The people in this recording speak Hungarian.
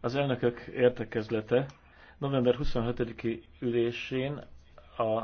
Az elnökök értekezlete november 25-i ülésén a